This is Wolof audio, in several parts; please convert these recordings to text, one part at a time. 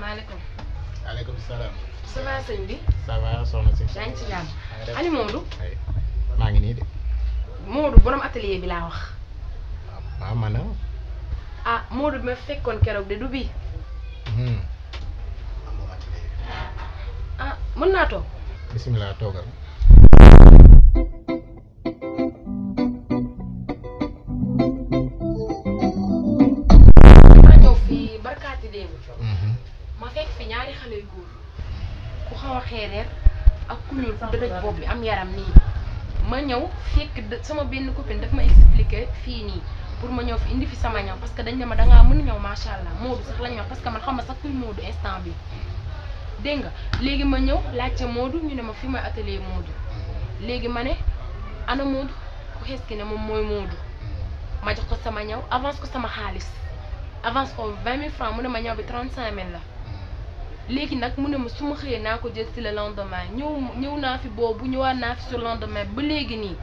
salaamaaleykum. maaleykum salaam. ça va sëñ bi. ça va soxna si. yaa ngi ci jàmm. ani Modou. maa ngi nii de. Modou borom atelier bi laa wax. Ah, waaw man la. ah Modou bi ma fekkoon keroog de du bii. Hmm. ah mën naa toog. bisimilah toogal. xale yu ku xaw a xeereer ak ku ñuul ku dëgëj bopp bi am yaram nii ma ñëw fekk sama benn coppine daf ma expliquer fii nii pour ma ñëw fi indi fi sama ñaw parce que dañ ne ma dangaa mën ñëw macha allah Moodu sax lañ wax parce que man xam na sax kuy Moodu instant bi dégg nga léegi ma ñëw laajte Moodu ñu ne ma fi may atelier Moodu léegi ma ne ana Moodu ku xees ki ne moom mooy Moodu ma jox ko sama ñaw avance ko sama xaalis avance ko vingt mille francs mu ne ma ñaw bi trente cinq mille la léegi nag mu ne ma su ma xëyee naa ko jël si le lendemain ñëw ñëw naa fi boobu ñëwaat naa fi sur lendemain ba léegi nii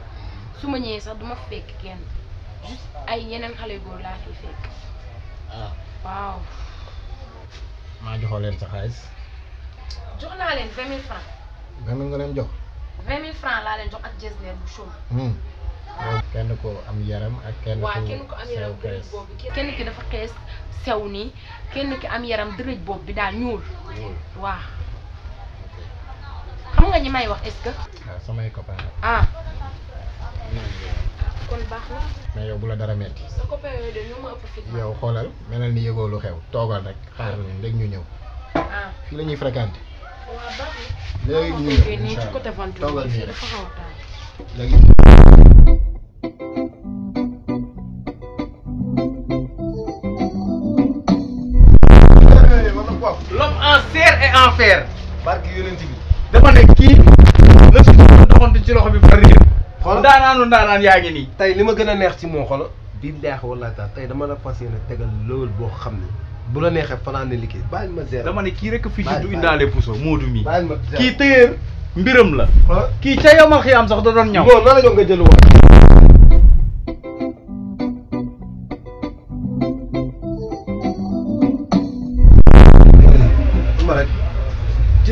su ma ñëwee sax duma fekk kenn juste ay yeneen xale yu goon laa fi fekk. Ah. waaw. maa joxoo leen sa xaalis. jox naa leen vingt mille francs. vingt mille nga leen jox. vingt mille francs laa leen jox ak jésneer bu chôme. kenn ko am yaram ak kenn ko am kenn ki dafa xees sew nii kenn ki am yaram dërëj boobu bi daal ñuul waaw xam nga ñi may wax est-ce que ah, samay copain ah kon baax mais yow la dara metti yow xoolal melal ni yëgoo lu xew toogal rek xaar ñu ndeg ñu ñëw ah. fii la ñuy fréquenté léegi nii ay enfer barke yonent dama ne kii la si doxantu ci loxo bi ba réer xool ndaanaanu ndaanaan yaa ngi nii tey li ma gën a neex ci moom xolo bii neex wala tey dama la fas yéene tegal loolu boo xam ne bu la neexee fanaan ne liggéey bàyyi ma zéro dama ne kii rek fi du indaale puso moodu mi kii tëyeer mbiram la kii ca yomal am sax da doon ñaw bon la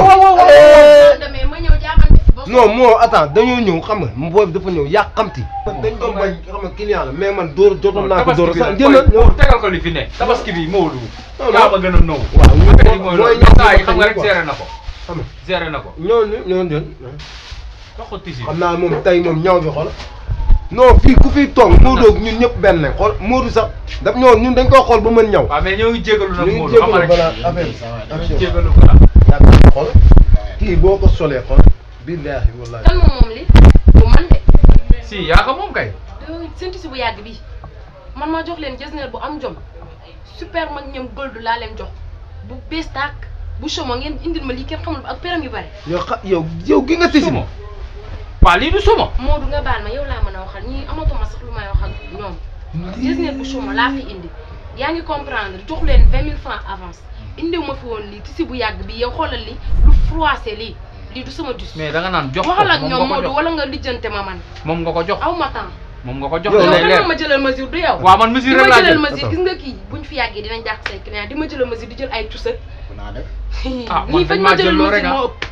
moom eh. demee ma ñëw jàppante non moo attends dañoo ñëw xam nga booy bi dafa ñëw yàqamti dañ doon bañ xam nga la mais man dóor jotoon naa ko dóor sax génn tegal ko li fi ne tabaski bi Modou yaa ma gën a nëw waaw saa yi xam nga rek géré na ko xam nga géré na ko ñooñu ñooñu xam naa moom tey moom ñaw bi xool non fii ku fiy toog Modou ñun ñëpp benn xool Modou sax daf ñoo ñun dañ koo xool ba mën ñaw. waaw mais ñoo ngi jégalu nag Modou xam kii boo ko solee xool. billaahi wallaahi. kan moom li bu man de. si yaa ko moom kay. seen tissu bu yàgg bi man maa jox leen jésner bu am jom super mag ñoom gold laa leen jox bu bees tàkk bu chômo ngeen indil ma lii kenn xamul ak peram yu bare. yow xa yow yow gi nga tissu waaw lii du suma. Modou nga baal ma yow laa mën a waxal ñii amatuma sax lu may wax ak ñoom. gis ngeen suma laa fi indi. yaa ngi comprendre jox leen vingt mille francs avance indiw ma fi woon lii si bu yàgg bi yow xoolal li lu froissé lii lii du sama dus. mais da nga naan jox ko ñoom ak ñoom Modou wala nga lijjante ma man. moom nga ko jox aw matam temps. moom nga ko jox yow léeg-léeg yow ma jëlal mesure du yow. man mesure rek ma jëlal mesure gis nga kii buñ fi yàgg dinañ jàpp say client di ma jëlal mesure di jël ay tusa. ah man maa jël loolu rek ah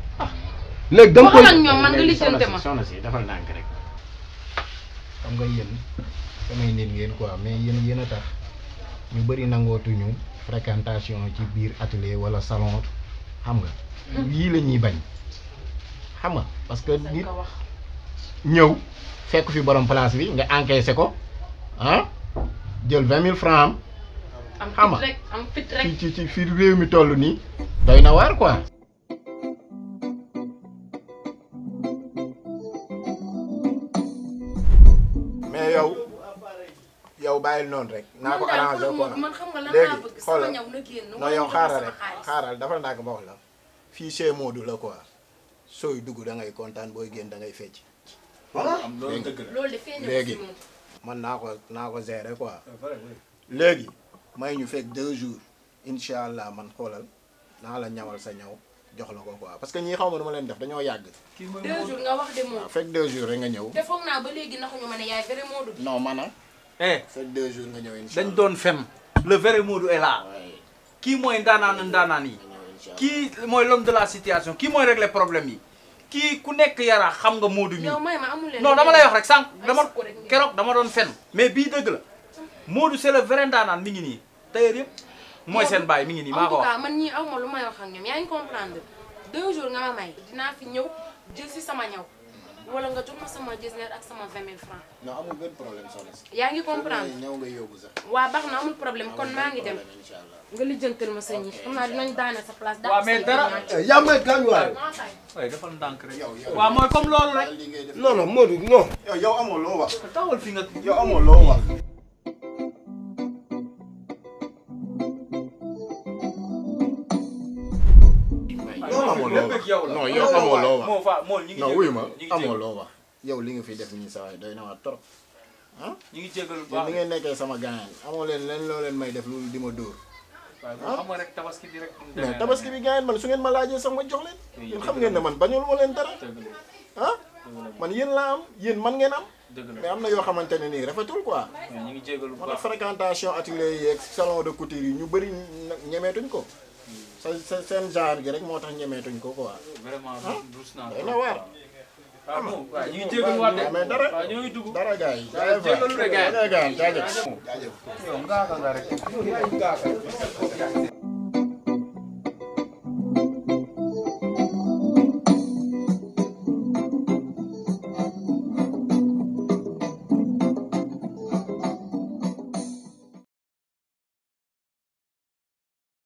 léegi da nga koy ñoom man nga defal ndànk rek. xam nga yéen samay nit ngeen quoi mais yéen yéen a tax ñu bari nangootuñu fréquentation ci biir atelier wala salon xam nga. Hmm. yii la ñuy bañ xam nga parce que nit ñëw fekk fi borom place bi nga encaissé ko ah jël vingt mille francs am. am fit fi réew mi toll nii doy na waar quoi. mais yow yow bàyyil noonu rek. naa ko arrangé ko man xam nga lan laa bëgg sama ñaw na génn non yow xaaral rek xaaral dafa ndànk ma wax la fii chez Modou la quoi sooy dugg da ngay kontaan booy génn da ngay fecc. voilà loolu dëgg la léegi man naa ko naa ko gérer quoi. léegi may ñu fekk 2 jours inshallah allah man xoolal naa la ñawal sa ñaw. jox la ko quoi parce que ñii xaw ma nu ma leen def dañoo yàgg. deux jours de moom. waaw ah, fekk deux jours rek nga ñëw. te foog a ba léegi naxuñu ma ne yaay vrai Modou bi. non maanaam. Ah. eh fekk deux jours dañ doon fem. le vrai Modou est là. kii mooy ndaanaan ndaanaan yi. kii mooy l'homme de la situation kii mooy régler problème yi. kii ku nekk yara xam nga Modou mi. non dama lay wax rek sànq dama keroog dama doon fen mais bii dëgg la Modou c'est le vrai ndaanaan mi ngi nii tailleur yëpp. moy sen bay mi ngi ni mako ko wax man ñi awma ma lu may wax ak ñom yaa ngi comprendre deux jours nga ma may dina fi ñew jël ci sama ñew wala nga jox ma sama dix ak sama 20000 francs. non amul ben problème soxna si. ngi comprendre ñew nga yobu sax. wa baax na amul problème kon ma ngi dem nga lijeentel ma sa ñi xam dinañ daana sa place. wa mais dara ya may gaañ kan, wa waaye defal ndank rek. wa moy comme lolu rek. non non Modou non. yow amo lo wax. tawal fi nga. yow amo lo wax. yow la yow amoo loo wax moo fa mool ñu ngi non wuyu ma loo wax yow li nga fi def nii sa waay na waa trop ah ñu ngi jégal bu baax ni ngeen nekkee sama gaañaan amoo leen leen loo leen may def loolu di ma dóor waaw xam nga rek tabaski bi rek mais tabaski bi gaañaan man su ngeen ma laajee sax ma jox leen yéen xam ngeen ne man bañul ma leen dara ah man yéen laa am yéen man ngeen am mais am na yoo xamante ne nii rafetul quoi ñu ngi jégal bu baax fréquentation atelier yi ak salon de couture yi ñu bëri ñemeetuñ ko sa sa seen genre gi rek moo tax ñemeetuñ ko quoi. vraiment douce naa la waar. ah bon waaw ñu ngi jégalu waat mais dara dara gars yi. jégalu de gars yi jaajëf